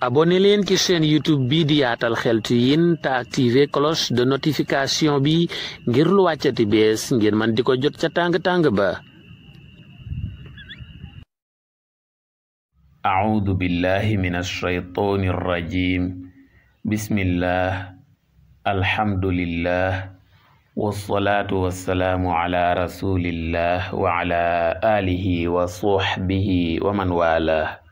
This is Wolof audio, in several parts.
abone leen ci seen youtube bi di yaatal xeltu yin te activé cloche de notification bi ngir lu wàccati bees ngir man di ko jot ca tàng-tàng ba audu billahi min alshaytani arrajim bismillah alhamdulillah wasalaatu wasalaamu ala rasulillah wa ala alihi wa sahbihi wa man walah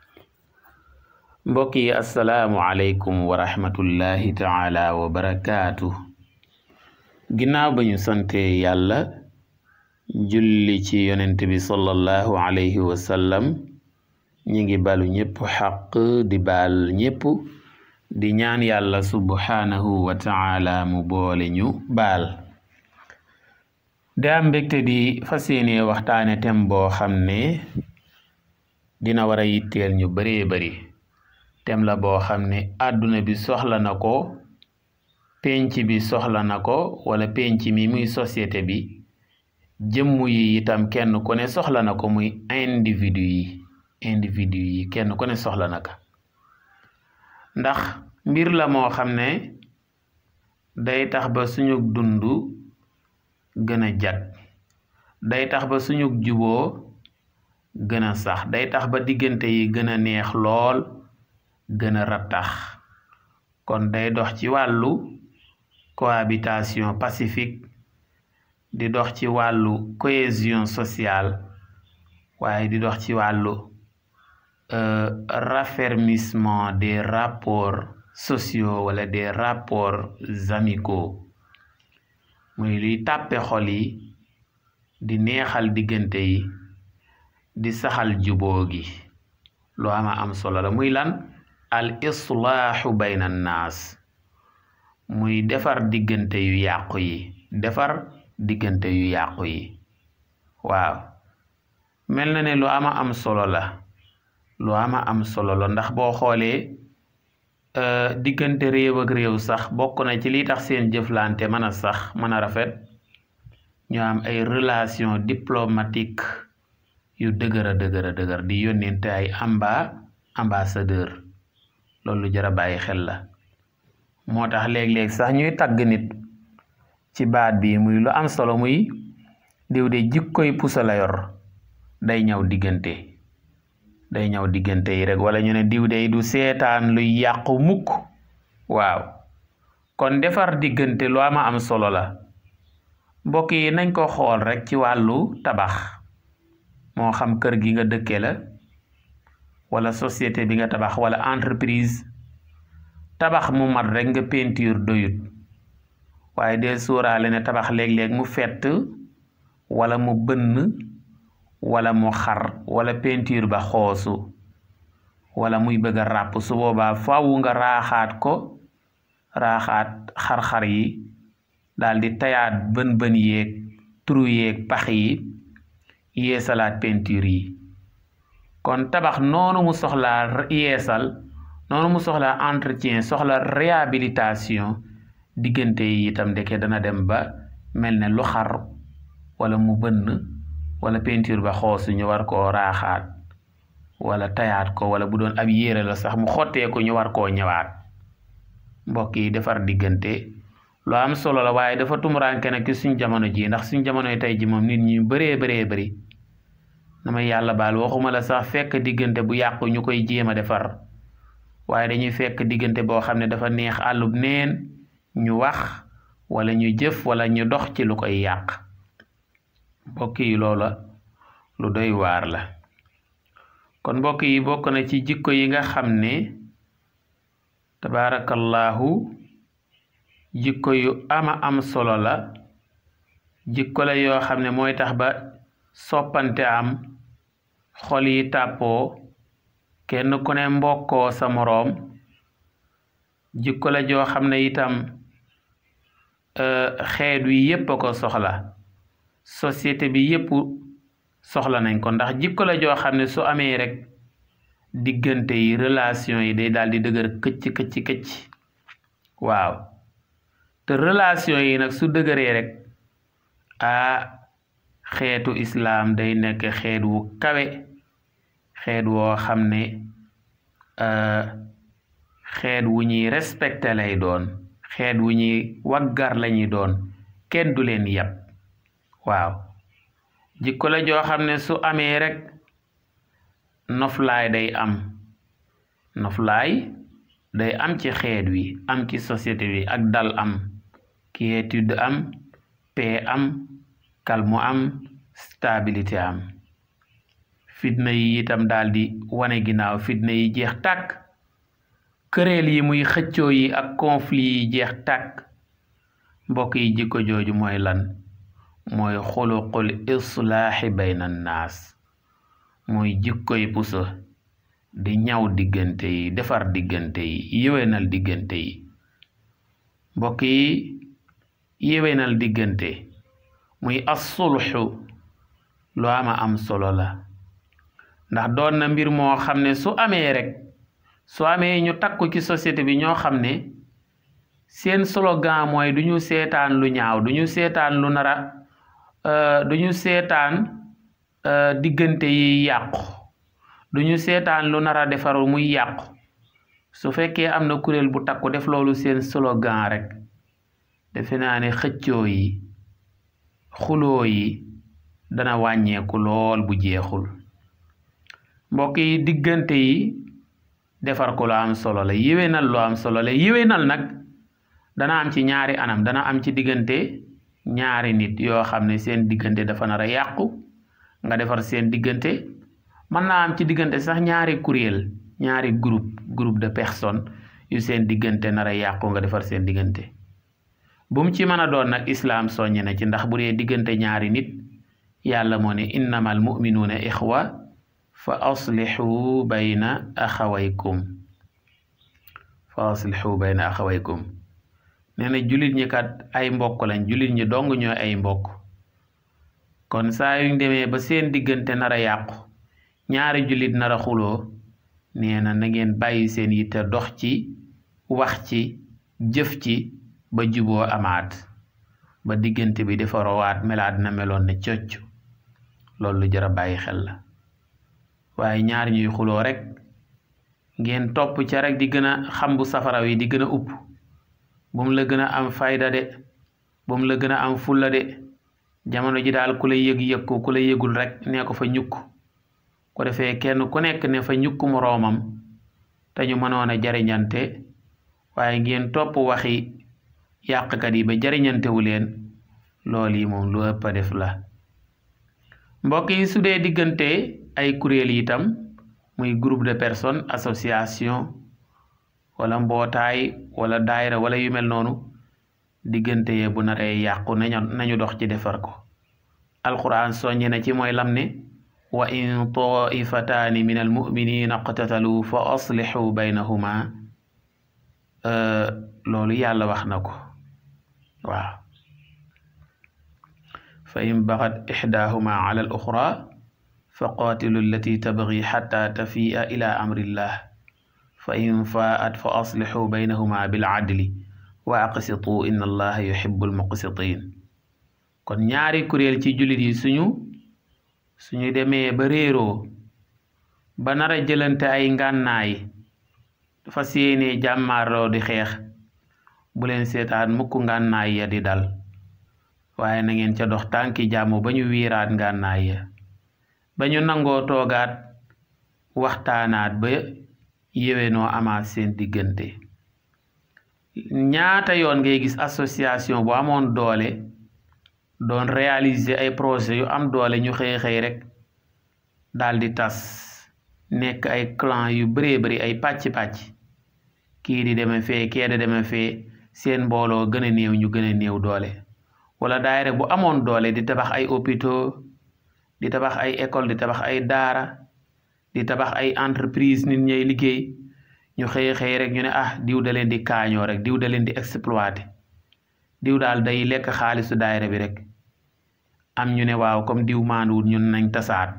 mbokk yi asalaamu aleykum wa taala wa barakaatu ginnaaw ba ñu sante yàlla julli ci yonent bi sallallahu alayhi wa sallam ngi balu ñépp xaq di bal ñépp di ñaan yàlla subhaanahu wa mu boole ñu baal daa mbégte di fas yéene waxtaane tem boo xam ne dina wara a yitteel ñu bëree bëri tem la boo xam ne àdduna bi soxla na ko penc bi soxla na ko wala penc mi muy société bi jëmm yi itam kenn ku ne soxla na ko muy individu yi individu yi kenn ku ne soxla na ko ndax mbir la moo xam ne day tax ba suñu dund gën a jag day tax ba suñu juboo gën a sax day tax ba diggante yi gën a neex lool gën a rattax kon day dox ci wàllu cohabitation pacifique di dox ci wàllu cohésion sociale waaye di dox ci wàllu euh, raffermissement des rapports sociaux wala des rapports amicaux muy luy tàppe xol yi di neexal diggante yi di saxal juboo gi lu ama am solo la muy lan al islaaxu bayna naas muy defar diggante yu yàqu yi defar diggante yu yàqu yi waaw mel na ne lu ama am solo la lu ama am solo la ndax boo xoolee euh, diggante réewagréew sax bokk na ci li tax seen jëflante mën a sax mën a rafet ñu am ay relation diplomatique yu dëgëra a dëgër di yónnente ay amba ambassadeur loolu jar a bàyyi xel la moo tax léeg-léeg sax ñuy tàgg nit ci baat bi muy lu am solo muy diw de jikkoy pusa yor day ñaw diggante day ñaw diggante yi rek wala ñu ne diw de du seetaan luy yàqu mukk waaw kon defar diggante lu ama am solo la mbokk yi nañ ko xool rekk ci wàllu tabax moo xam kër gi nga dëkke la wala société bi nga tabax wala entreprise tabax mu mat rek nga peinture doyut waaye de sóoraale ne tabax léeg-léeg mu fett wala mu bënn wala mu xar wala peinture ba xoosu wala muy bëgg a ràpp su boobaa faaw nga raaxaat ko raxaat xarxar xar yi daldi tayaat bën-bën yeeg trou yeeg pax yi yeesalaat peinture yi kon tabax noonu mu soxlaa yeesal noonu mu soxlaa entretien soxla réhabilitation diggante yi itam ndeke dana dem ba mel ne lu xar wala mu bënn wala peinture ba xoosu ñu war koo raaxaat wala tayaat ko wala bu doon ab yére la sax mu xottee ko ñu war koo ñëwaat mbokk yi defar diggante lu am solo la waaye dafa tumuranke nag ci suñ jamono ji ndax suñ jamono tey ji moom nit ñi bëree bëree bëri na yàlla baal waxuma la sax fekk diggante bu yàqu ñu koy jéem a defar waaye dañuy fekk diggante boo xam ne dafa neex àllub neen ñu wax walla ñu jëf walla ñu dox ci lu koy yàq mbokk yi loola lu doy waar la kon mbokk yi bokk na ci jikko yi nga xam ne tabaarakallaahu jikko yu ama am solo la jikko la yoo xam ne mooy tax ba soppante am xol yi tàppoo kenn ku ne mbokkoo sa moroom jikko la ne itam euh, xeet wi yépp a ko soxla société bi yépp soxla nañ ko ndax jikko la joo xam ne su amee rek diggante yi relation yi day daal di dëgër këcc këcc këcc waaw te relation yi nag su dëgëree rek ah xeetu islaam day nekk xeet wu kawe xeet woo xam ne euh, xeet wu ñuy respecté lay doon xeet wu ñuy waggar lañuy doon kenn du leen yab waaw jikko la joo xam ne su amee rek noflaay day am noflaay day am ci xeet wi am ci société bi ak dal am quiétude am paix am kal mu am stabilité am fitna yi itam daal di wane ginnaaw fitna yi jeex tàkk këreel yi muy xëccoo yi ak conflit yi jeex tàkk mbokk yi jikko jooju mooy lan mooy xuluqul islaaxi bayna naas mooy jikkoy puso di ñaw diggante yi defar diggante yi yéwénal diggante yi mbokk yi diggante muy asulxu lu ama am solo la ndax doon na mbir moo xam ne su amee rek su amee ñu takku ci société bi ñoo xam ne seen slogan mooy du ñu seetaan lu ñaaw du ñu seetaan lu nara uh, du ñu seetaan euh, diggante yi yàqu du ñu seetaan lu nara defaru muy yàqu su fekkee am na kuréel bu takku def loolu seen slogan rek defe naa ne xëccoo yi xuloo yi dana wàññeeku lool bu jeexul mbokk yi diggante yi defar ko lu am solo la yéwénal lu am solo la yéwénal nag dana am ci ñaari anam dana am ci diggante ñaari nit yoo xam ne seen diggante dafa nar a yàqu nga defar seen diggante mën naa am ci diggante sax ñaari kuréel ñaari groupe groupe de personnes yu seen diggante nar a yàqu nga defar seen diggante bu mu ci mën doon nag islaam soññi na ci ndax bu dee diggante ñaari nit yàlla moo ne innamal muminuuna ixwa fa aslihu bayna axawaykum fa aslihu bayna axawaykum nee jullit ñi kat ay mbokk lañ jullit ñi dong ñooy ay mbokk kon saa yuñ demee ba seen diggante nar a yàqu ñaari jullit nar a xuloo nee na bàyyi seen yitte dox ci wax ci jëf ci ba juboo amaat ba diggante bi dafa rowaat melaat na meloon ne cocc loolu lu jar a bàyyi xel la waaye ñaar ñuy xuloo rek ngeen topp ca rek di gën a xam safara wi di gën a upp bu mu la gën a am fayda de bu mu la gën a am fulla de jamono ji daal ku la yëg yëg ko ku la yëgul rek nee ko fa ñukk ko defee kenn ku nekk ne fa ñukk moroomam te ñu mënoon a jariñante waaye ngeen topp waxi yàqkat yi ba jariñantewu leen loolu yi moom lu ëpp def la mbokk yi su dee diggante ay kuréel itam muy groupe de personnes association wala mbootaay wala daayira wala yu mel noonu diggante yee bu naree yàqu nañu dox ci defar ko alquran soññi na ci mooy lam ne wa in taifataani min almuminina qatatalu fa aslixu baynahuma loolu yàlla wax na ko waaw fa in baxat ixdaahuma ala al fa qaatilu allati tabgi xata tafiia ila amrillah fa in faat fa aslixuu baynahuma bil adli wa aqsitu inna allaha yuhibbul muqsitin kon ñaari kuréel ci jullit yi suñu suñu demee ba réeroo ba nara a jëlante ay ngànnaay fas yéene jàmmaarloo di xeex bu leen seetaan mukk ngànnaay ya di dal waaye na ngeen ca dox tànki jàmm ba ñu wiiraat ngànnaay ya ba ñu nangoo toogaat waxtaanaat ba noo amaat seen diggante ñaata yoon ngay gis association bu amoon doole doon réaliser ay projet yu am doole ñu xëy xëy rek daal di tas nekk ay clan yu bëree bëri ay pàcc-pàcc kii di deme fee kee di deme fee seen mbooloo gën a néew ñu gën a néew doole wala daayira bu amoon doole di tabax ay hôpitaux di tabax ay école di tabax ay daara di tabax ay entreprise nit ñay liggéey ñu xëy xëy rek ñu ne ah diw da leen di kaañoo rek diw da leen di exploité diw daal day lekk xaalisu daayira bi rek am ñu ne waaw comme diw maanduwul ñun nañ tasaat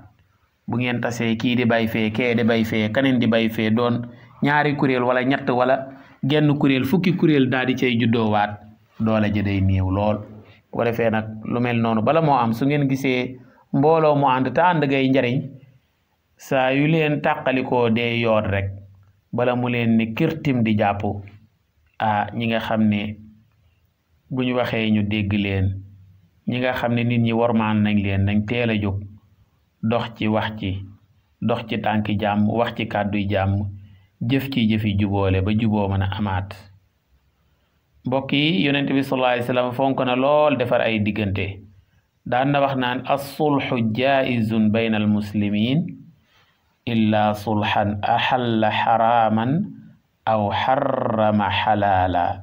bu ngeen tasee kii di bay fee kee di bay fee kaneen di bay fee doon ñaari kuréel wala ñett wala genn kuréel fukki kuréel daal di cay juddoowaat doole ji day néew lool bu ko nag lu mel noonu bala moo am su ngeen gisee mbooloo mu ànd te ànd gay njariñ saa yu leen tàqalikoo dee yoon rek bala mu leen ni kirtim di jàpp ah ñi nga xam ne bu ñu waxee ñu dégg leen ñi nga xam ne nit ñi warmaan nañ leen nañ teel a jóg dox ci wax ci dox ci tànki jàmm wax ci kàdduy jàmm jëf ci jëfi juboole ba juboo mën a amaat mbokk yi yonent bi sallallahu na lool defar ay diggante daan na wax naan as-sulhu jaa'izun bayna al-muslimin illa sulhan ahalla haraman aw harrama halaala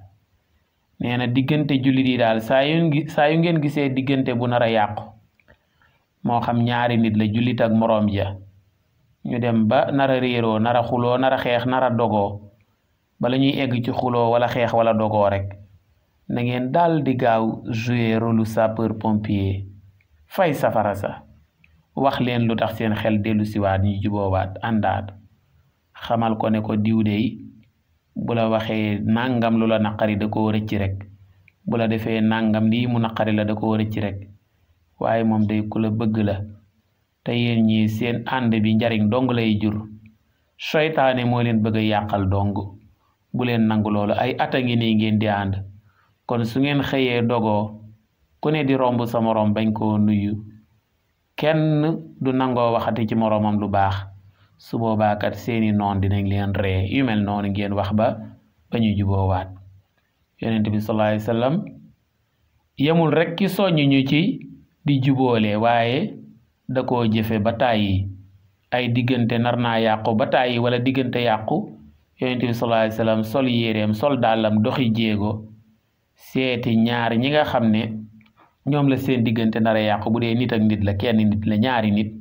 nee na diggante jullit yi daal saa yu gisee diggante bu nar a yàqu moo xam ñaari nit la jullit ak moroom ja ñu dem ba nara a réeroo nar a xeex nara a dogoo bala ñuy egg ci xuloo wala xeex wala dogoo rek na ngeen daal di gaaw jouer rôle sapeur pompier fay safara sa wax leen lu tax seen xel dellu siwaat ñu juboowaat àndaat xamal ko ne ko diw dey bu la waxee nangam lu la naqari da koo rëcc rek bu la defee nangam lii mu naqari la da koo rëcc rek waaye moom day ku la bëgg la te yéen ñi seen ànd bi njariñ dong lay jur soytaane moo leen bëgg a yàqal dong bu leen nangu loolu ay at a ngi nii ngeen di ànd kon su ngeen xëyee dogo ku ne di romb sa moroom bañ koo nuyu kenn du nangoo waxati ci moroomam lu baax su boobaa kat seeni noon dinañ leen ree yu mel noonu ngeen wax ba ba ñu juboowaat yonent bi sallallahu alayhi wasallam yemul rek ki soññ ñu ci di juboole waaye da ko jëfe ba tàyyi ay diggante nar naa yàqu ba tàyyi wala diggante yàqu yonent bi sol yéreem sol dàllam doxi jéego seeti ñaar ñi nga xam ne ñoom la seen diggante nar a yàqu bu dee nit ak nit la kenn nit la ñaari nit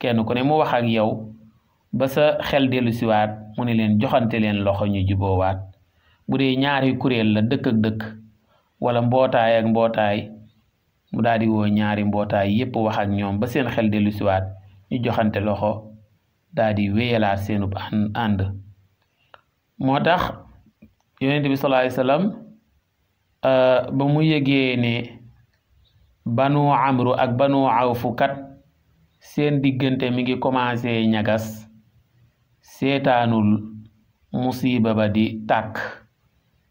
kenn ku ne mu wax ak yow ba sa xel dellu siwaat mu ne leen joxante leen loxo ñu juboowaat bu dee ñaari kuréel la dëkk dëkk wala mbootaay ak mbootaay mu daal di woo ñaari mbootaay yépp wax ak ñoom ba seen xel dellu siwaat ñu joxante loxo daal di wéyalaat seenub ànd moo tax yonent bi sallallahu alayhi euh, ba mu yëgee ne banu amru ak banu awfu kat seen diggante mi ngi commencé ñagas seetaanul musiba ba di tàkk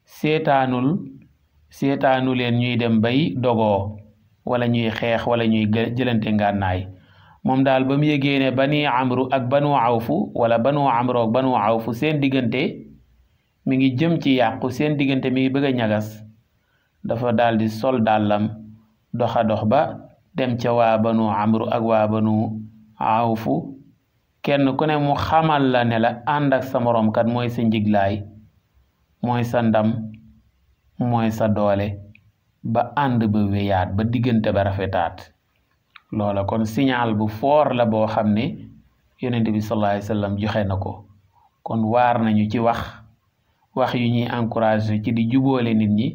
seetaanul seetaanu leen ñuy dem bay dogoo wala ñuy xeex wala ñuy jëlante ngànnaay moom daal ba mu yëgee ne bani amru ak banu awfu wala banu amru ak banu awfu seen diggante mu ngi jëm ci yàqu seen diggante mi ngi bëgg ñagas dafa daal di sol dàllam doxa ba dem ca waa banu amru ak waa banu awfu kenn ku ne mu xamal la ne la ànd ak sa moroom kat mooy sa njiglaay mooy sa ndam mooy sa doole ba ànd ba weyaat ba diggante ba rafetaat loola kon signal bu foor la boo xam ne yonent bi sallallahu joxe na ko kon waar nañu ci wax wax yu ñuy encouragé ci di juboole nit ñi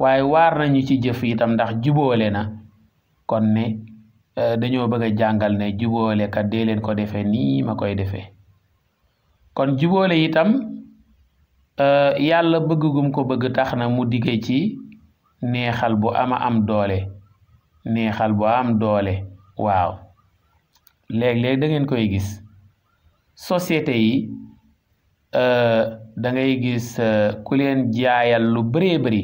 waaye waar nañu ci jëf itam ndax juboole na kon ne euh, dañoo bëgg jàngal ne juboole kat dee leen ko defee nii ma koy defee kon juboole itam euh, yàlla bëgg gum ko bëgg tax na mu digge ci neexal bu ama am doole neexal bu am doole waaw léeg-léeg da ngeen koy gis société yi euh, da ngay gis euh, ku leen jaayal lu bëree bëri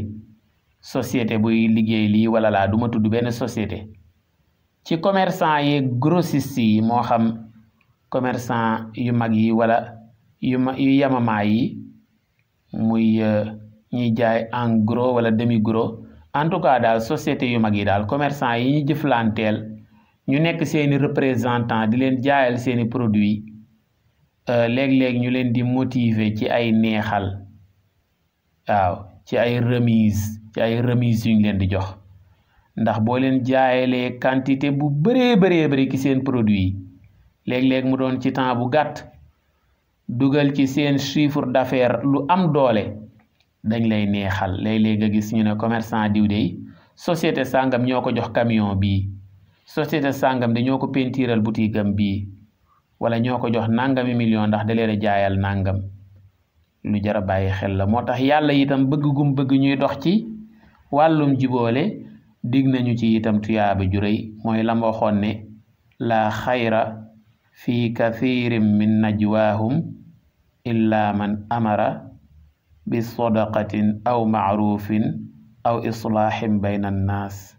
société buy liggéey lii wala laa du ma tudd benn société ci commerçant yi grossiste yi moo xam commerçant yu mag yi wala yu ma yu yamamaa yi muy euh, ñuy jaay en gros wala demi gros en tout cas daal société yu mag yi daal commerçant yi ñu jëflanteel ñu nekk seeni représentant di leen jaayal seeni produit euh, léeg-léeg ñu leen di motiver ci ay neexal waaw ci ay remise ci ay remise yu ñu leen di jox ndax boo leen jaayalee quantité bu bëree bëree ki ci seen produit léeg-léeg mu doon ci temps bu gàtt dugal ci seen chiffre d'affaires lu am doole dañ lay neexal léeg-léeg nga gis ñu ne commerçant diw dey société sàngam ñoo ko jox camion bii société sàngam de ñoo ko pentiiral boutique am bii wala ñoo ko jox nangami million ndax da a jaayal nangam lu jar a bàyyi xel la moo tax yàlla itam bëgg gum bëgg ñuy dox ci wàllum jiboole dig nañu ci itam tuyaaba ju mooy lam waxoon ne laa xayra fi kathirin min najwaahum illa man amara bi sadaqatin aw macruufin aw islaaxin bayna annaas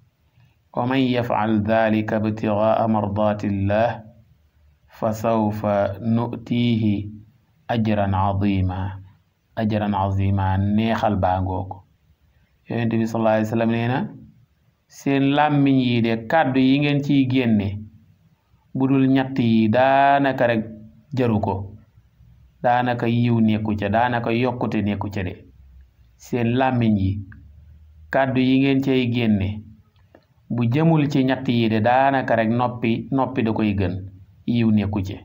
wa man yafcal dalika ibtigaa mardaati illah fa sawfa nutiihi ajran cazima ajran cazima neexal baa ngoog yonent bi làmmiñ yi kàddu yi ngeen ciy génne budul ñett yi daanaka rek jaru ko daanaka yiw nekku ca daanaka yokkute nekku ca de seen làmmiñ yi kàddu yi ngeen cay génne bu jëmul ci ñett yi de daanaka rek noppi noppi da koy gën yiw nekku ci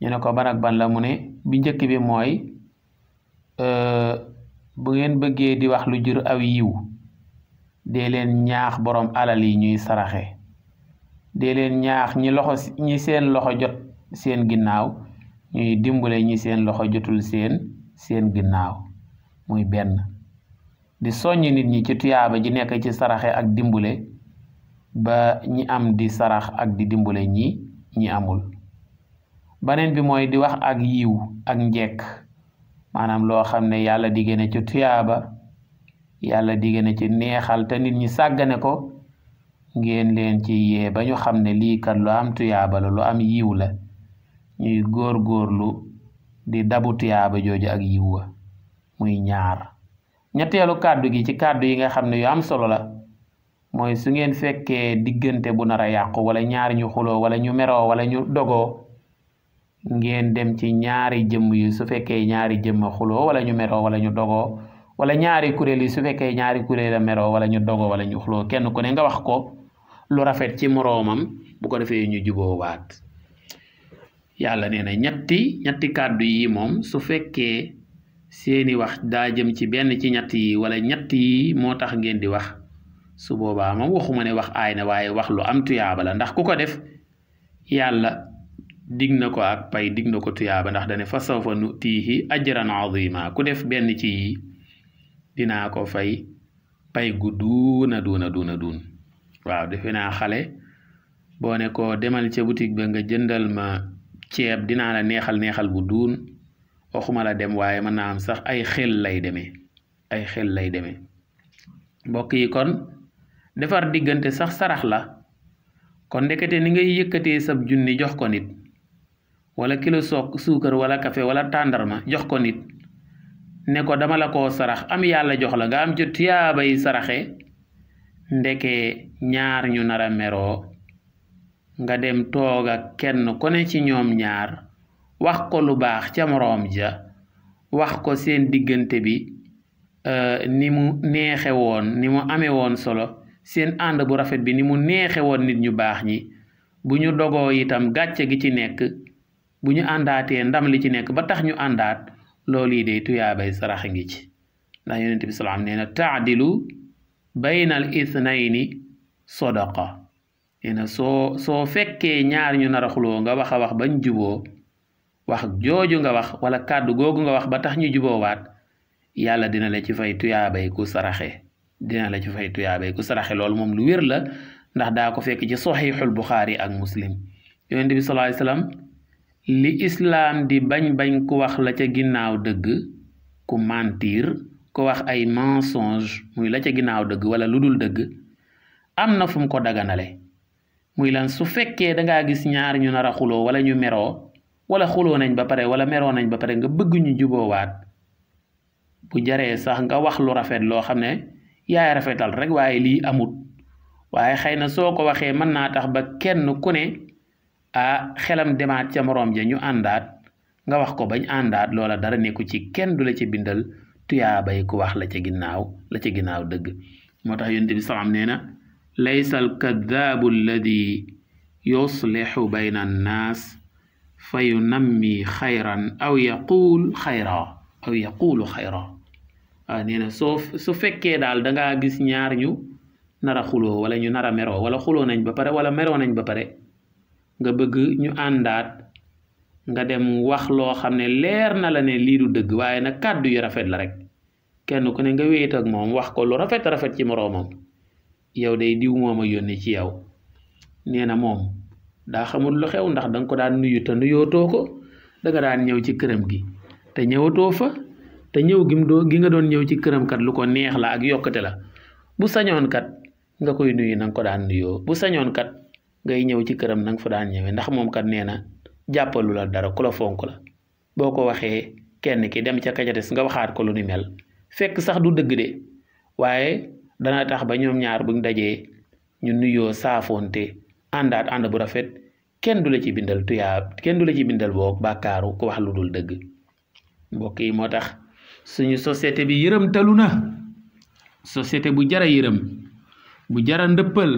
ñu ne ko ban ban la mu ne bi njëkk bi mooy euh, bu ngeen bëggee di wax lu jur aw yiw dee leen ñaax borom alal yi ñuy saraxe dee leen ñaax ñi loxo ñi seen loxo jot seen ginnaaw ñuy dimbale ñi seen loxo jotul seen seen ginnaaw muy benn di soññ nit ñi ci tuyaaba ji nekk ci saraxe ak dimbale ba ñi am di sarax ak di dimbale ñi ñi amul beneen bi mooy di wax ak yiw ak njekk maanaam loo xam ne yàlla digée na ci tuyaaba yàlla digée na ci neexal te nit ñi sàggane ko ngeen leen ci yee ba ñu xam ne lii kat lu am tuyaaba la lu am yiw la ñuy góor góorlu di dabu tiyaaba jooju ak yiwwa muy ñaar ñetteelu kàddu gi ci kàddu yi nga xam ne yu am solo la mooy su ngeen fekkee diggante bu nar a yàqu wala ñaari ñu xuloo wala ñu meroo wala ñu dogoo ngeen dem ci ñaari jëmm yi su fekkee ñaari jëmm xuloo wala ñu meroo wala ñu dogoo wala ñaari kuréel yi su fekkee ñaari kuréel la meroo wala ñu dogoo wala ñu xuloo kenn ku ne nga wax ko lu rafet ci moroomam bu ko defee ñu juboowaat yàlla nee na ñetti ñetti kàddu yi moom su fekkee seeni wax daa jëm ci benn ci ñetti yi wala ñetti yi moo tax ngeen di wax su boobaa moom waxuma ne wax aay na waaye wax lu am tuyaaba la ndax ku ko def yàlla dig na ko ak pay dig na ko tuyaaba ndax dane fa sawfa nutiihi ajran azima ku def benn ci yi dinaa ko fay pay gu duuna duuna duuna duun waaw defe xale boo ko demal ca boutique ba nga jëndal ma ceeb dinaa la neexal neexal bu duun waxuma la dem waaye mën naa am sax ay xel lay deme ay xel lay deme mbokk yi kon defar diggante sax sarax la kon ndekete ni ngay yëkkatee sab junni jox ko nit wala kilo sook suukar wala kafe wala tàndarma jox ko nit ne ko dama la ko sarax am yàlla jox la nga am jot ci tuyaabay saraxe ndeke ñaar ñu nar a meroo nga dem toog ak kenn ko ne ci ñoom ñaar wax ko lu baax ca moroom ja wax ko seen diggante bi euh, ni mu neexe woon ni mu amee woon solo seen ànd bu rafet bi ni mu neexe woon nit ñu baax ñi bu ñu dogoo itam gàcce gi ci nekk bu ñu àndaatee ndam li ci nekk ba tax ñu àndaat loolu yi day tuyaabay sarax ngi ci ndax yonent bi salaam nee na taadilu bayna al nee na soo soo fekkee ñaar ñu nar xuloo nga wax a wax bañ juboo wax jooju nga wax wala kàddu googu nga wax ba tax ñu juboowaat yàlla dina la ci fay tuyaabay ku saraxe dina la ci fay tuyaabay ku saraxe loolu moom lu wér la ndax daa ko fekk ci saxiixul buxaari ak muslim yonent bi sallallaahu alayhi wa li islaam di bañ bañ ku wax la ca ginnaaw dëgg ku mentir ku wax ay mensonge muy la ca ginnaaw dëgg wala lu dul dëgg am na fu mu ko daganale muy lan su fekkee dangaa gis ñaar ñu nar a xuloo wala ñu meroo wala xuloo nañ ba pare wala meroo nañ ba pare nga bëgg ñu juboowaat bu jaree sax nga wax lu rafet loo xam ne yaay rafetal rek waaye lii amut waaye xëy na soo ko waxee mën naa tax ba kenn ku ne a xelam demaat ca moroom ja ñu àndaat nga wax ko bañ àndaat loola dara nekku ci kenn du la ci bindal tuyaabay ku wax la ca ginnaaw la ca ginnaaw dëgg moo tax yonent bi salaam nee na laysa alkadaabu alladi yuslixu bayna annaas fa yunammi xayran aw yaquul xayra aw yaquulu xayra waaw nee na soo su fekkee daal danga gis ñaar ñu nara xuloo wala ñu nar a meroo wala xuloo nañ ba pare wala meroo nañ ba pare nga bëgg ñu àndaat nga dem wax loo xam ne leer na la ne lii du dëgg waaye nag kàddu yu rafet la rek kenn ku ne nga wéet ak moom wax ko lu rafet rafet ci moroomam yow day diw moo ma yónnee ci yow nee na moom daa xamul lu xew ndax danga ko daan nuyu te nuyootoo ko danga daan ñëw ci këram gi te ñëwatoo fa te ñëw gim doo gi nga doon ñëw ci këram kat lu ko neex la ak yokkute la bu sañoon kat nga koy nuyu na nga ko daan nuyoo bu sañoon kat ngay ñëw ci këram na nga fa daan ñëwee ndax moom kat nee na jàppalu la dara ku la fonk la boo ko waxee kenn ki dem ca kajates nga waxaat ko lu ni mel fekk sax du dëgg de waaye dana tax ba ñu ñaar buñ dajee ñu nuyoo saafoonte àndaat ànd bu rafet kenn du la ci bindal tuyaab kenn du la ci bindal boog bàkkaaru ku wax lu dul dëgg mbokk yi moo tax suñu société bi yërëm talu na société bu jara yërëm bu jara ndëppal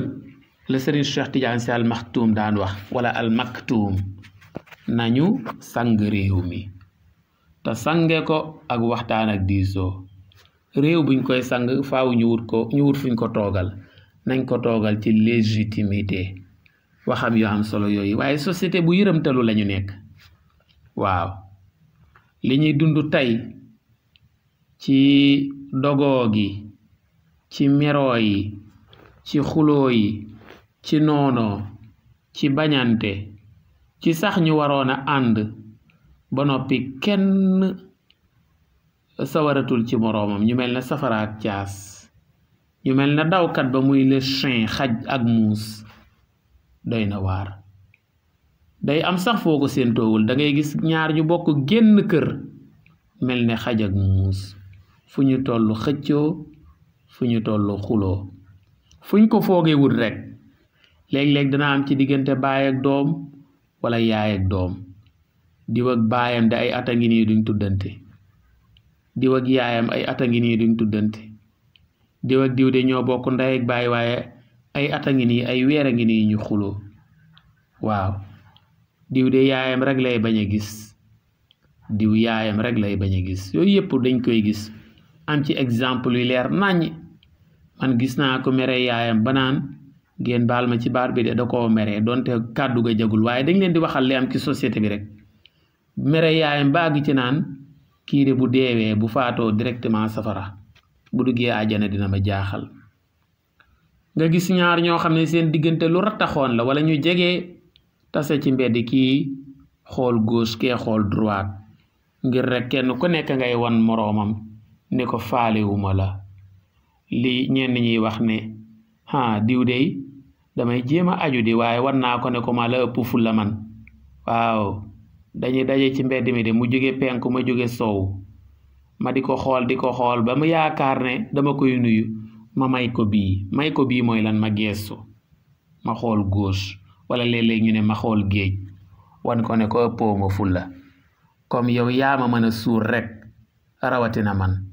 la sëriñ Cheikh Tidiane si almaxtuum daan wax wala almaktuum nañu sang réew mi te sange ko ak waxtaan ak diisoo réew ñu koy sang faaw ñu wut ko ñu wut fuñ ko toogal nañ ko toogal ci légitimité waxam yoo am solo yooyu waaye société bu yërëmtalu lañu nekk waaw li ñuy dund tey ci dogoo gi ci meroo yi ci xuloo yi ci noonoo ci bañante ci sax ñu waroon a ànd ba noppi kenn sawaratul ci moroomam ñu mel ne safara ak caas ñu mel ne dawkat ba muy le chien xaj ak muus doy na waar day am sax foo ko séentoowul da gis ñaar ñu bokk génn kër mel ne xaj ak muus fu ñu toll xëccoo fu ñu toll xuloo fuñ ko foogewul rekk léeg-léeg dana am ci diggante baay ak doom walla yaay ak doom diw ak baayam de ay at a ngi nii duñ tuddante diw ak yaayam ay at a ngi nii duñ tuddante diw ak diw de ñoo bokk ndey baay waaye ay at a ngi nii ay weer a ngi nii ñu xuloo waaw diw de yaayam rek lay bañ a gis diw yaayam rek lay bañ a gis yooyu yëpp dañ koy gis am ci exemple yu leer nàññ man gis naa ko mere yaayam ba naan ngeen baal ma ci baar bi de da koo mere donte kàddu ga jagul waaye dañ leen di waxal li am ci société bi rek mere yaayam ba àgg ci naan kii de bu deewee bu faatoo directement safara bu duggee àjjana dina ma jaaxal nga gis ñaar ñoo xam ne seen diggante lu rattaxoon la wala ñu jege tasa ci mbedd kii xool gauche kee xool droite ngir rek kenn ku nekk ngay won moroomam ne ko faalewuma la li ñenn ñuy wax ne ah diw dey damay jéem a aju di waaye wan naa ko ne ko maa la ëpp man waaw dañuy daje ci mbedd mi de mu jóge penku ma jóge soow ma di ko xool di ko xool ba mu yaakaar ne dama koy nuyu ma may ko bii may ko bii mooy lan ma geestu ma xool gauche wala léeg ñu ne ma xool géej wan ko ne ko ëppoo ma fulla comme yow yaa ma mën a suur rek rawatina man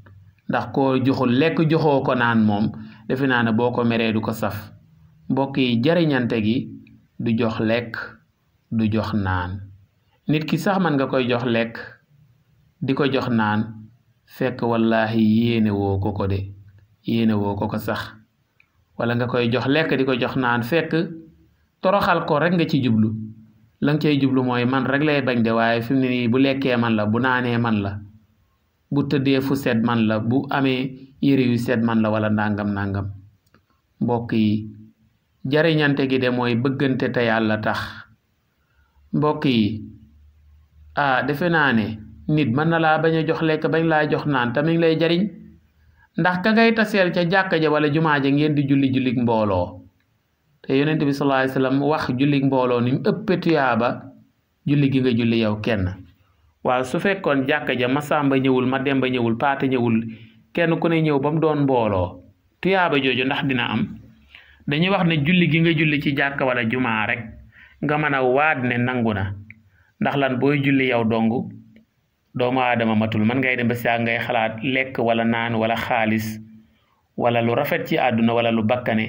ndax koo joxul lekk joxoo ko naan moom defe naa ne boo ko meree du ko saf mbokk yi jariñante gi du jox lekk du jox naan nit ki sax man nga koy jox lekk di ko jox naan fekk wallaahi yéene woo ko ko de yéene woo ko ko sax wala nga koy jox lekk di ko jox naan fekk toroxal ko rek nga ci jublu la nga cay jublu mooy man rek lay bañ de waaye fi nii bu lekkee man la bu naanee man la bu tëddee fu sedd man la bu amee yëre yu sedd man la wala nangam nangam mbokk yi jariñante gi de mooy bëggante te yàlla tax mbokk yi ah defe naa ne nit mën na laa bañ a jox lekk bañ laa jox naan tamit lay jariñ ndax ka ngay taseel ca jàkka ja wala jumaa ja ngeen di julli jullig mbooloo te yonent bi sallallahu wax julli mbooloo ni mu ëppee tuyaaba julli gi nga julli yow kenn waaw su fekkoon jàkka ja ma sàmba ñëwul ma demba ñëwul paate ñëwul kenn ku ne ñëw ba mu doon mbooloo tuyaaba jooju ndax dina am dañuy wax ne julli gi nga julli ci jàkka wala jumaa rek nga mën a waat ne nangu na ndax lan booy julli yow dong doomu aadama matul man ngay dem ba saa ngay xalaat lekk wala naan wala xaalis wala lu rafet ci àdduna wala lu bakkane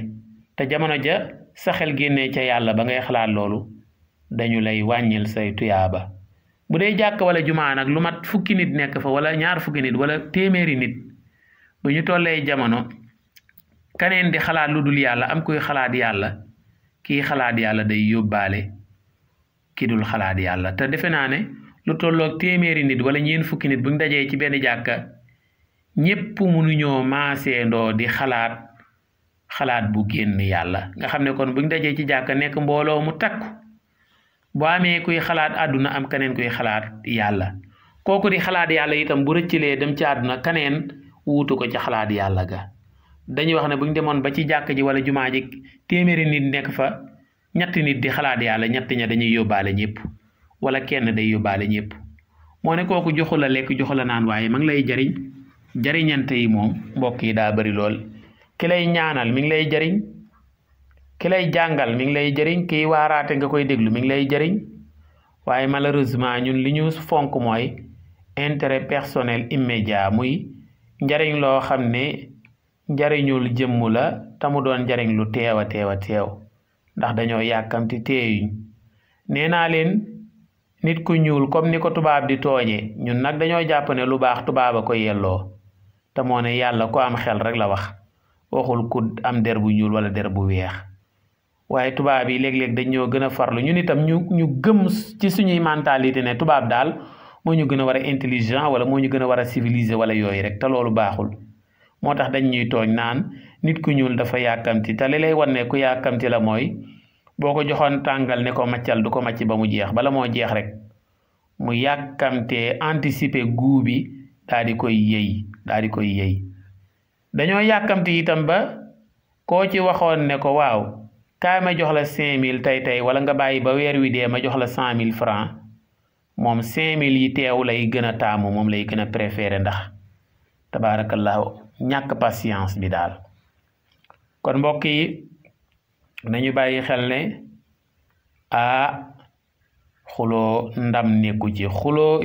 te jamono ja sa xel ca yàlla ba ngay xalaat loolu dañu lay wàññeel say tuyaaba bu dee jàkk wala jumaa lu mat fukki nit nekk fa wala ñaar fukki nit wala téeméeri nit bu ñu tollee jamono kaneen di xalaat lu dul yàlla am koy xalaat yàlla kii xalaat yàlla day yóbbaale ki dul xalaat yàlla te defe naa ne lu tolloog téeméeri nit wala ñeen fukki nit buñ dajee ci benn jàkka ñépp mënuñoo maaseendoo di xalaat xalaat bu génn yàlla nga xam ne kon buñ dajee ci jàkka nekk mbooloo mu takku boo amee kuy xalaat àdduna am kaneen kuy xalaat yàlla kooku di xalaat yàlla itam bu rëccilee dem ci àdduna kaneen wuutu ko ci xalaat yàlla ga dañuy wax ne buñ demoon ba ci jàkk ji wala jumaa ji téeméeri nit nekk fa ñetti nit di xalaat yàlla ñetti ña dañuy yóbbaale ñëpp wala kenn day yóbbaale ñëpp moo ne kooku joxu la lekk joxu la naan waaye ma lay jariñ jariñante yi moom mbokk yi daa bari lool ki lay ñaanal mi ngi lay jariñ ki jàngal mi ngi lay jariñ kiy waaraate nga koy déglu mi ngi lay jariñ waaye malheureusement ñun li ñu fonk mooy intérêt personnel immédiat muy njariñ loo xam ne njariñul jëmm la tamu doon njariñ lu teew a teew a teew ndax dañoo yàkkamti téeyuñ nee naa leen nit ku ñuul comme ni ko tubaab di tooñee ñun nag dañoo jàpp ne lu baax tubaab a ko yelloo te moo ne yàlla ko am xel rek la wax waxul ku am der bu ñuul wala der bu weex waaye tubaab yi léeg-léeg dañoo gën a farlu ñun itam ñu ñu gëm ci suñuy mentalité ne tubaab daal moo ñu gën a war a intelligent wala moo ñu gën a war a civilisé wala yooyu rek te loolu baaxul moo tax dañ ñuy tooñ naan nit ku ñuul dafa yàkkamti te li lay wan ku yàkkamti la mooy boo ko joxoon tàngal ne ko maccal du ko macc ba mu jeex bala moo jeex rek mu yàkkamtee anticiper guu bi daal di koy yëy daal di koy yëy dañoo yàkkamti itam ba koo ci waxoon ne ko waaw kaay ma jox la cinq mille tey tey wala nga bàyyi ba weer wi dee ma jox la cent mille francs moom cinq mille yi teew lay gën a taamu moom lay gën a préféré ndax tabaarakallaahu ñàkk patience bi daal kon mbokk yi nañu bàyyi xel ne aa xuloo ndam nekku ci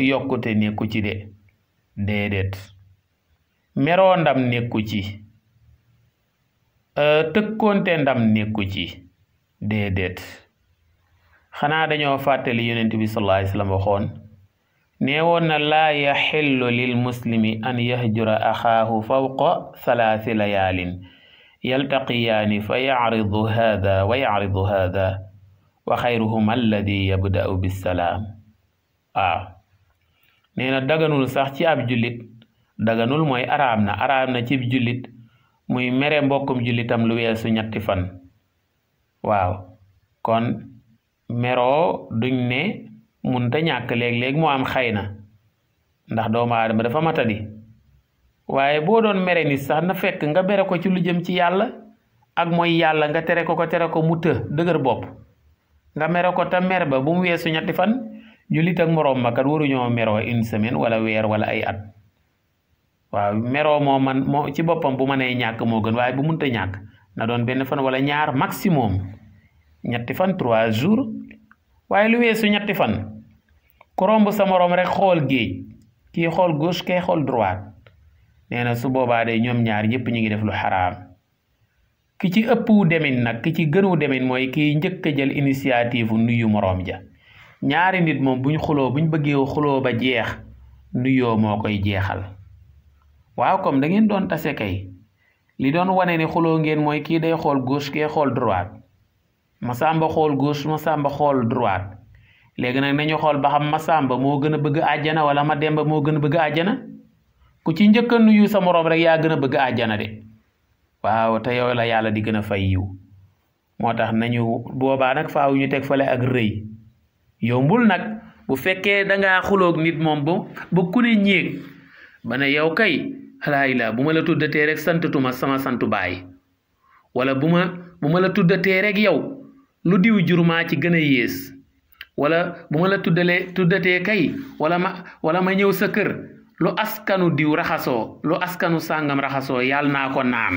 yokkute nekku ci de déedéet meroo ndam nekku ci e, tëkkoonte ndam nekku ci déedéet xanaa dañoo fàttali yonent bi sallallahu alayhi wasallam waxoon nee woon na laa yaxillu lil muslimi an yahjura axaahu fawqa thalathi layaalin يلتقيان فيعرض هذا ويعرض هذا وخيرهما الذي يبدأ بالسلام waaw nee na daganul sax ci ab jullit daganul mooy araam na araam na cib jullit muy mere mbokkum jullitam lu weesu ñetti fan waaw kon meroo duñ ne munta ñàkk léeg-léeg moo am xëy na ndax doomu aadama dafa matadi waaye boo doon mere nit sax na fekk nga bere ko ci lu jëm ci yàlla ak mooy yàlla nga tere ko ko tere ko mu të dëgër bopp nga mere ko te mer ba bu mu weesu ñetti fan jullit ak moroom ma kat waruñoo meroo une semaine wala weer wala ay at waaw meroo moo man moo ci boppam bu mënee ñàkk moo gën waaye bu mënta ñàkk na doon benn fan wala ñaar maximum ñetti fan trois jours waaye lu weesu ñetti fan ku romb sa moroom rek xool géej ki xool gauche kay xool droite nee na su boobaa day ñoom ñaar ñëpp ñu ngi def lu xaraam ki ci ëpp wu demin nag ki ci gënu demin mooy kiy njëkk a jël initiative nuyu moroom ja ñaari nit moom buñ xuloo buñ bëggee xuloo ba jeex nuyoo moo koy jeexal waaw comme da ngeen doon tase kay li doon wane ne xuloo ngeen mooy kii day xool gauche kee xool droite Masamba xool gauche sàmba xool droite léegi nag nañu xool ba xam Masamba moo gën a bëgg àjjana wala Mademba moo gën a bëgg àjjana ku ci njëkk a nuyu sa moroom rek yaa gën a bëgg àjjana de waaw te yow la yàlla di gën a fay yiw moo tax nañu boobaa nag faaw ñu teg fale ak rëy mbul nag bu fekkee dangaa xuloog nit moom ba ba ku ne ñéeg ba ne yow kay xalaay la bu ma la tuddatee rek santatuma sama santu baay wala bu ma bu ma la tuddatee rek yow lu diw jurumaa ci gën a yées walla bu ma la tuddalee tuddatee kay wala ma wala ma ñëw sa kër lu askanu diw raxasoo lu askanu sàngam raxasoo yàlla naa ko naan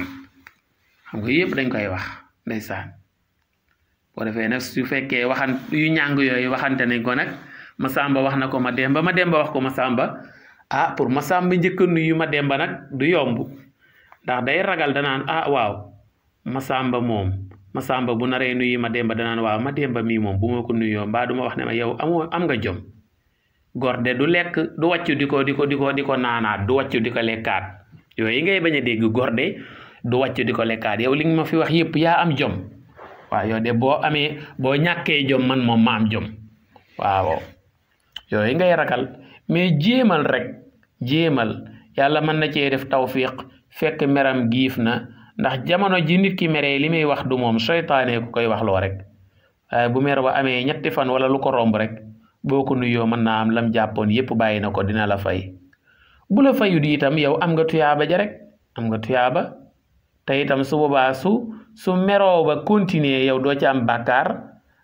xam nga yëpp dañ koy wax ndeysaan boo defee nag su fekkee waxan yu ñàng yooyu waxante nañ ko nag ma sàmba wax na ko ma demba ma demba wax ko ma sàmba ah pour ma sàmba njëkk nuyu ma demba nag du yomb ndax day ragal danaan ah waaw ma sàmba moom ma sàmba bu naree nuyu ma demba danaan waaw ma demba mi moom bu ma ko nuyoo mbaa du ma wax ne ma yow amoo am nga jom gor de du lekk du wàccu di ko di ko di ko di ko naanaat du wàccu di ko lekkaat yooyu ngay bañ a dégg gor de du wàccu di ko lekkaat yow li nga ma fi wax yëpp yaa am jom waaw yow de boo amee boo ñàkkee jom man moom ma jom waaw yooyu ngay ragal mais jéemal rek jéemal yàlla mën na cee def tawfiq fekk meram giif na ndax jamono ji nit ki meree li muy wax du moom seytaane ku koy wax loo rek waaye bu meer ba amee ñetti fan wala lu ko romb rek boo ko nuyoo mën naa am lam jàppoon yépp bàyyi na ko dina la fay bu la fayu di itam yow am nga tuyaaba ja rek am nga tuyaaba te itam su boobaa su su meroo ba continuer yow doo ci am bàkkaar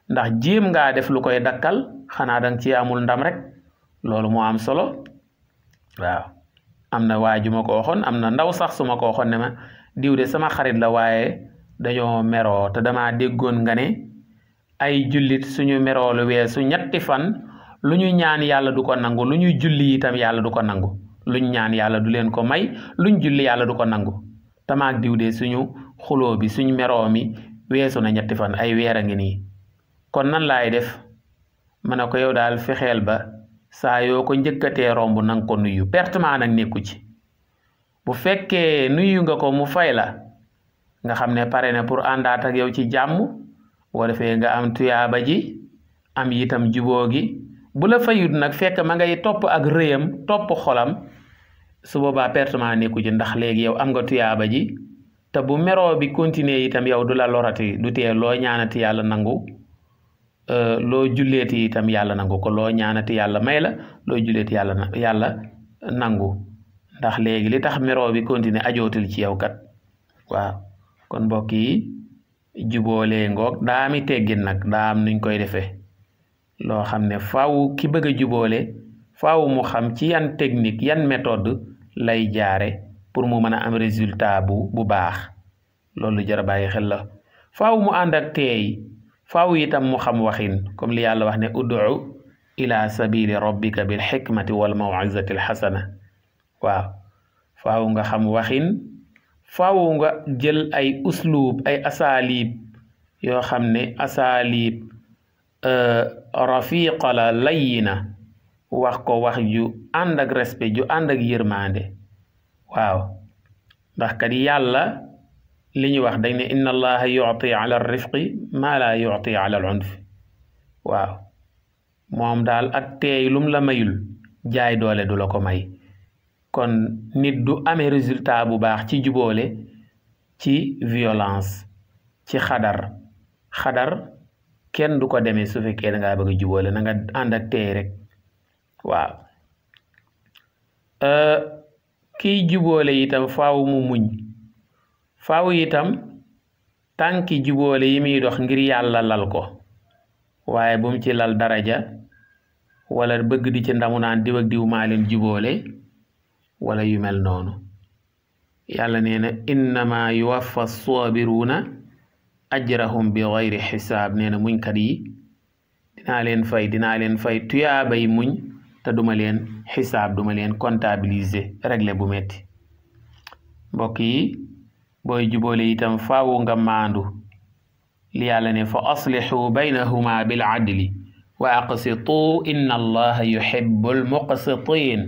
ndax jéem ngaa def lu koy dakkal xanaa danga ci amul ndam rek loolu moo am solo waaw am na waay ju ma ko waxoon am na ndaw sax su ma ko waxoon ne ma diw de sama xarit la waaye dañoo meroo te dama déggoon nga ne ay jullit suñu meroo lu weesu ñetti fan lu ñu ñaan yàlla du ko nangu lu ñuy julli itam yàlla du ko nangu luñ ñaan yàlla du leen ko may luñ julli yàlla du ko nangu tamaak diw de suñu xuloo bi suñ meroo mi weesu na ñetti fan ay weer a ngi nii kon nan laay def ma ne ko yow daal fexeel ba saa yoo ko njëkkatee romb nanga ko nuyu pertement nag nekku ci bu fekkee nuyu nga ko mu fay la nga xam ne pare na pour àndaat ak yow ci jàmm boo defee nga am tuyaaba ji am yitam juboo gi bu la fayut nag fekk ma ngay topp ak rëyam topp xolam su boobaa pertement nekku ci ndax léegi yow am nga tuyaaba ji te bu meroo bi continuer itam yow du la lorati du tee loo ñaanati yàlla nangu euh, loo julleeti itam yàlla nangu ko loo ñaanati yàlla may la loo julleeti yàlla na yàlla nangu ndax léegi li tax meroo bi continuer ajootul ci yow kat waaw kon mbokk yi juboolee ngoog daa mi teggin nag daa am koy defee loo xam ne faw ki bëgg a juboole faaw mu xam ci yan technique yan méthode lay jaare pour mu mën a am résultat bu bu baax loolu jar bàyyi xel la faw mu ànd ak teey faaw itam mu xam waxin comme li yàlla wax ne ud'u ila sabili rabbika bil xikmati wal mawizati al xasana waaw faaw nga xam waxin faaw nga jël ay uslub ay asaalib yoo xam ne asaalib Euh, rafiqa la layyina wax ko wax ju ànd ak respect ju ànd ak yërmande waaw ndax kat yàlla li ñuy wax dañ ne inna allaha yuti ala rifqi maa laa yuti ala waaw moom daal ak teey lum la mayul jaay doole du la ko may kon nit du amee résultat bu baax ci juboole ci violence ci xadar xadar kenn du ko demee su fekkee da ngaa bëgg a jubóole na nga rek waaw euh, kiy jubóole itam faaw mu muñ faaw itam tànki jubóole yi muy dox ngir yàlla lal ko waaye bu ci lal daraja wala bëgg di ci ndamu naan diw ak diw maa wala yu mel noonu yàlla nee na innama yuwaffa sabiruuna ajrahum bi gayri xisaab nee na muñkat yi leen fay dinaa leen fay tuyaabay muñ te duma leen xisaab duma leen comptabiliser régler bu metti mbokk yi booy jubóole itam faawu nga maandu li yàlla ne fa aslixu baynahuma bil adli wa aqsitu inna allaha yuhibbul muqsitin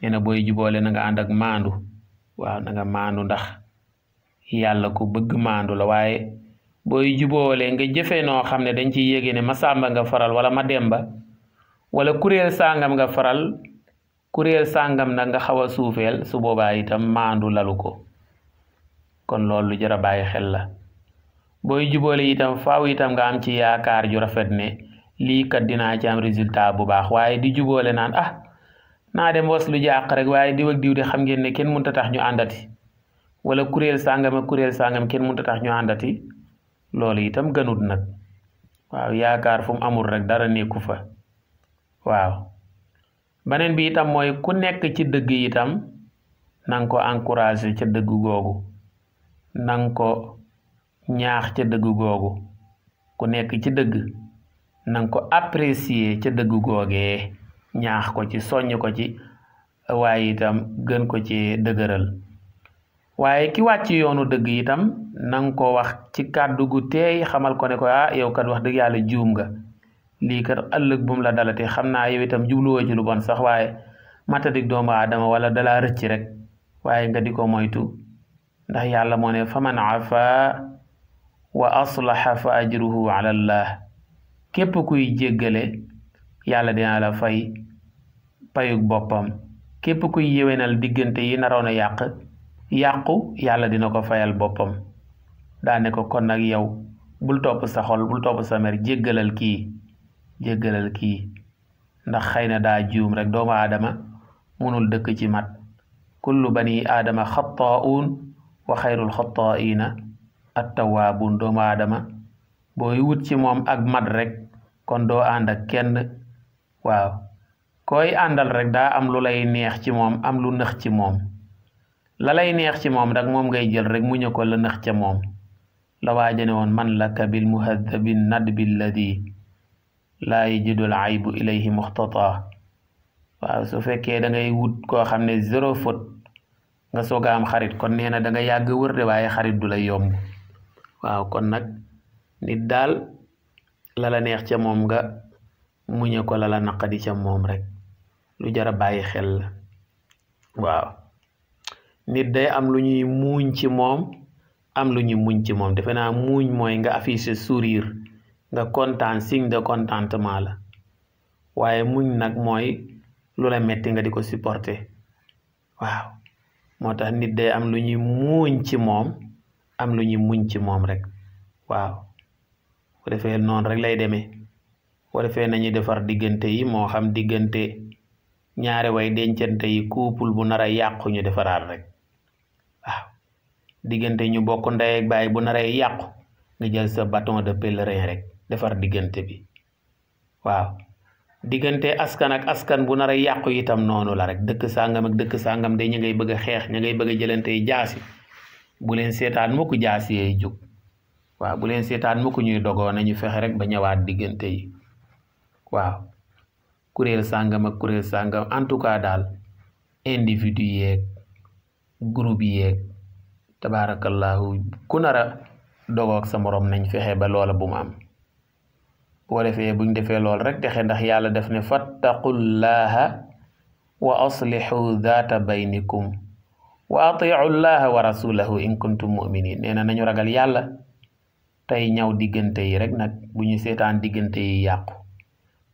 nee na booy jubóole na nga ànd ak maandu waaw na maandu ndax yàlla ku bëgg maandu la waaye booy juboolee nga jëfee noo xam ne dañ ciy yéege ne ma sàmba nga faral wala ma demba wala kuréel sàngam nga faral kuréel sàngam nag nga xaw a suufeel su boobaa itam maandu lalu ko kon loolu lu jar a bàyyi xel la booy juboole itam faaw yitam nga am ci yaakaar ju rafet ne lii kat dinaa ci am résultat bu baax waaye di juboole naan ah naa dem was lu jàq rek waaye diw ak diw di xam ngeen ne kenn mënut a tax ñu àndati wala kuréel sàngam ak kuréel sàngam kenn mënut a tax ñu àndati loolu itam gënut nag waaw yaakaar fu mu amul rek dara nekku fa waaw beneen bi itam mooy ku nekk ci dëgg yitam na nga ko encouragé ca dëgg googu na nga ko ñaax ca dëgg googu ku nekk ci dëgg na nga ko apprécier ca dëgg googee ñaax ko ci soññ ko ci waaye itam gën ko ci dëgëral waaye ki wàcc yoonu dëgg yitam na nga ko wax ci kàddu gu teey xamal ko ne ko ah yow kat wax dëgg yàlla juum nga lii kat bum la dalate xam naa yow itam jubluwoo ci lu bon sax waaye matadik doomu aadama wala dalaa rëcc rek waaye nga di ko moytu ndax yàlla moo ne faman afa wa aslaha fa ajruhu ala allah képp kuy jéggale yàlla dina la fay payug boppam képp kuy yéwénal diggante yi naroon a yàq yàqu yàlla dina ko fayal boppam daane ko kon nag yow bul topp sa xol bul topp sa mer jéggalal kii ndax xëy na daa juum rek doomu aadama mënul dëkk ci mat kullu bani aadama xattaa'uun wa xayrul xattaa'iina attawaabuun doomu aadama booy wut ci moom ak mat rek kon doo ànd ak kenn waaw koy àndal rek daa am lu lay neex ci moom am lu nëx ci moom la lay neex ci moom rek moom ngay jël rek mu ñu ko la nax ca moom la waajane woon man laka bil muhadabi nadbi alladi laa yajidu al aybu ilayhi muxtata waaw su fekkee dangay wut koo xam ne zéro faute nga soog a am xarit kon nee na da yàgg wër de waaye xarit du lay yomb waaw kon nag nit daal lala neex ca moom nga muñe ko la la naqadi ca moom rek lu jar a bàyyi xel la waaw nit day am lu ñuy muuñ ci moom am lu ñuy muñ ci moom defe naa muuñ mooy nga afficher sourire nga kontaan signe de contentement la waaye muñ nag mooy lu la metti nga di ko supporter waaw moo tax nit day am lu ñuy muuñ ci moom am lu ñuy muñ ci moom rek waaw bu defee noonu rek lay demee woo defee nañu defar diggante yi moo xam diggante ñaari way dencante yi couple bu nar a yàqu ñu defaraat rek diggante ñu bokk ndey baay bu naree yàqu nga jël sa bâton de pèlerin rek defar diggante bi waaw diggante askan ak askan bu naree yàqu itam noonu la rek dëkk sàngam ak dëkk sàngam de ñu ngay bëgg xeex ñu ngay bëgg a jëlante jaasi bu leen seetaan mukk jaasi yee jóg waaw bu leen seetaan mukk ñuy dogoo nañu fexe rek ba ñëwaat diggante yi waaw kuréel sàngam ak kuréel sàngam en tout cas daal individu yeeg groupe yeeg tabaarakallaahu ku nar a sa moroom nañ fexe ba loola bu mu am boo defee buñ defee lool rek texe ndax yàlla def ne fattaqullaaha wa aslixu daata baynikum wa atiicu llaaha wa rasulahu in kuntum muminin nee na nañu ragal yàlla tey ñaw diggante yi rek nag bu ñu seetaan diggante yi yàqu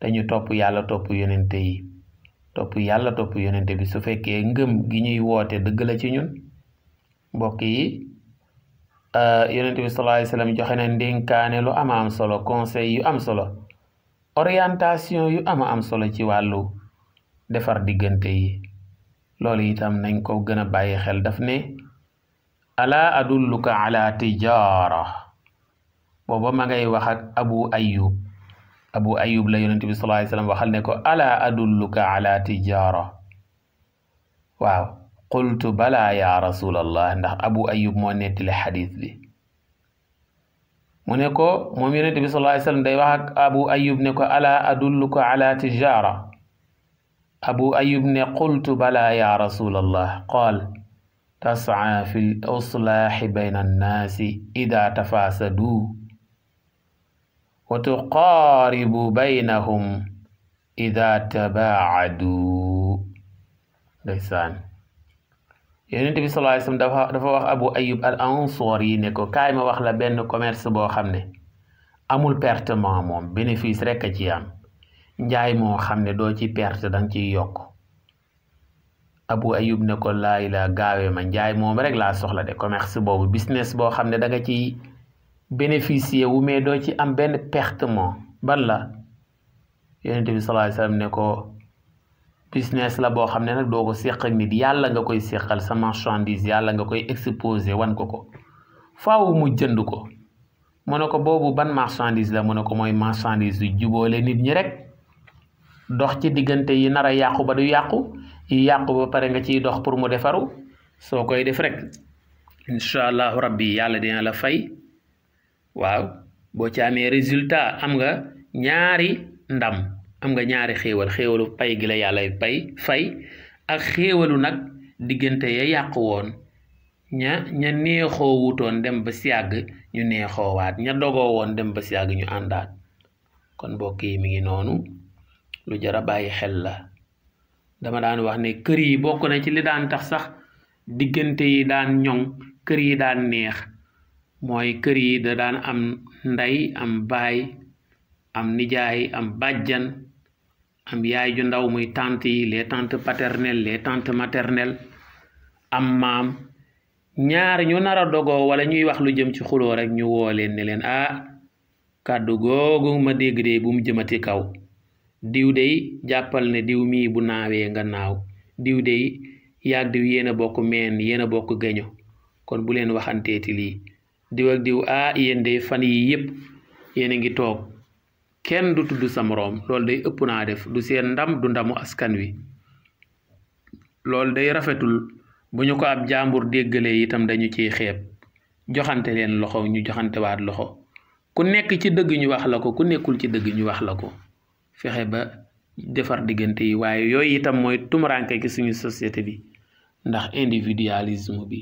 dañu ñu topp yàlla topp yonente yi topp yàlla topp yonente bi su fekkee ngëm gi ñuy woote dëgg la ci ñun mbokk yi euh, yonent bi sallallahu alayhi joxe na ndénkaane lu ama am solo conseil yu am solo orientation yu am am solo ci wàllu defar diggante yi loolu itam nañ ko gën a bàyyi xel daf ne ala adulluka ala tijaara booba ma ngay wax ak abu ayub abu ayub la yonent bi sallallahu alayhi wasallam waxal ne ko ala adulluka ala tijaara waaw qultu balaa yaa rasulallah ndax abu ayub moo nettali xadis bi mu ne ko moom yonente bi sallallahu alayhi wasallam day wax ak abu ayub ne ko ala adulluka ala tijara abu ayub ne qultu balaa ya rasulallah qaal tasca fi l islaaxi bayna annaasi ida tafaasaduu wa tuqaaribu baynahum ida tabaacaduu ndeysaan yonent bi sallallahu alayhi dafa wax abu ayub al ansor yi ne kaay ma wax la benn commerce boo xam ne amul pertement moom bénéfice rek a ci am njaay moo xam ne doo ci perte danga ciy yokk abu ayub nekko ko laay la gaawee ma njaay moom rek laa soxla de commerce boobu business boo xam ne da nga ciy bénéficier wu mais doo ci am benn pertement ban la yonent bi sallallahu alayhi wasallam ne ko business la boo xam ne nag doo ko séq ak nit yàlla nga koy séqal sa marchandise yàlla nga koy exposé wan ko ko faaw mu jënd ko mu ne ko boobu ban marchandise la mu ne ko mooy marchandise yu jubóole nit ñi rek dox ci diggante yi nar a yàqu ba du yàqu yi yàqu ba pare nga ciy dox pour mu defaru soo koy def rek incha allahu rabbi yàlla dina la fay waaw boo ci amee résultat am nga ñaari ndam am nga ñaari xéewal xéewalu pay gi la yàlla pay fay ak xéewalu nag diggante ya yàq woon ña ña neexoo wutoon dem ba si yàgg ñu neexoowaat ña dogoo woon dem ba si yàgg ñu àndaat kon mbokk yi mi ngi noonu lu jar a bàyyi xel la dama daan wax ne kër yi bokk na ci li daan tax sax diggante yi daan ñoŋ kër yi daan neex mooy kër yi da daan am nday am baay am nijaay am bàjjan am yaay ju ndaw muy tante yi les tantes paternelles les tantes maternelles am maam ñaar ñu nar a wala ñuy wax lu jëm ci xuloo rek ñu woo leen ne leen ah kàddu googu ma dégg de bu mu jëmati kaw diw dey jàppal na diw mii bu naawee nga naaw diw dey yaag diw yéen bokk meen yéen bokk gaño kon bu leen waxanteeti lii diw ak diw ah fan yi yépp yéen a ngi toog kenn du tudd sa moroom loolu day ëpp naa def du seen ndam du ndamu askan wi loolu day rafetul bu ñu ko ab jàmbur déggalee itam dañu ciy xeeb joxante leen loxo ñu joxante waat loxo ku nekk ci dëgg ñu wax la ko ku nekkul ci dëgg ñu wax la ko fexe ba defar diggante yi waaye yooyu itam mooy tumuranke ki suñu société bi ndax individualisme bi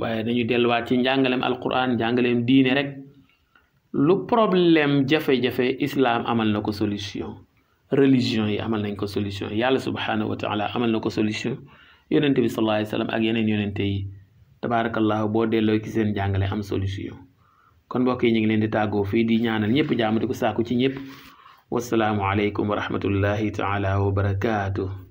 waaye dañu delluwaat ci njàngaleem alquran njàngaleem diine rek lu problème jafe-jafe islaam amal na ko solution religion yi amal nañ ko solution yàlla subhaanahu wa taala amal na ko solution yonente bi sallallahu alayhi wa ak yeneen yonente yi tabaarakallahu boo delloo ci seen jàngale am solution kon mbokk yi ñu ngi leen di tàggoo fii di ñaanal ñëpp jaamu ko sàkku ci ñëpp wasalaamu aleykum wa rahmatullahi taala wa barakaatu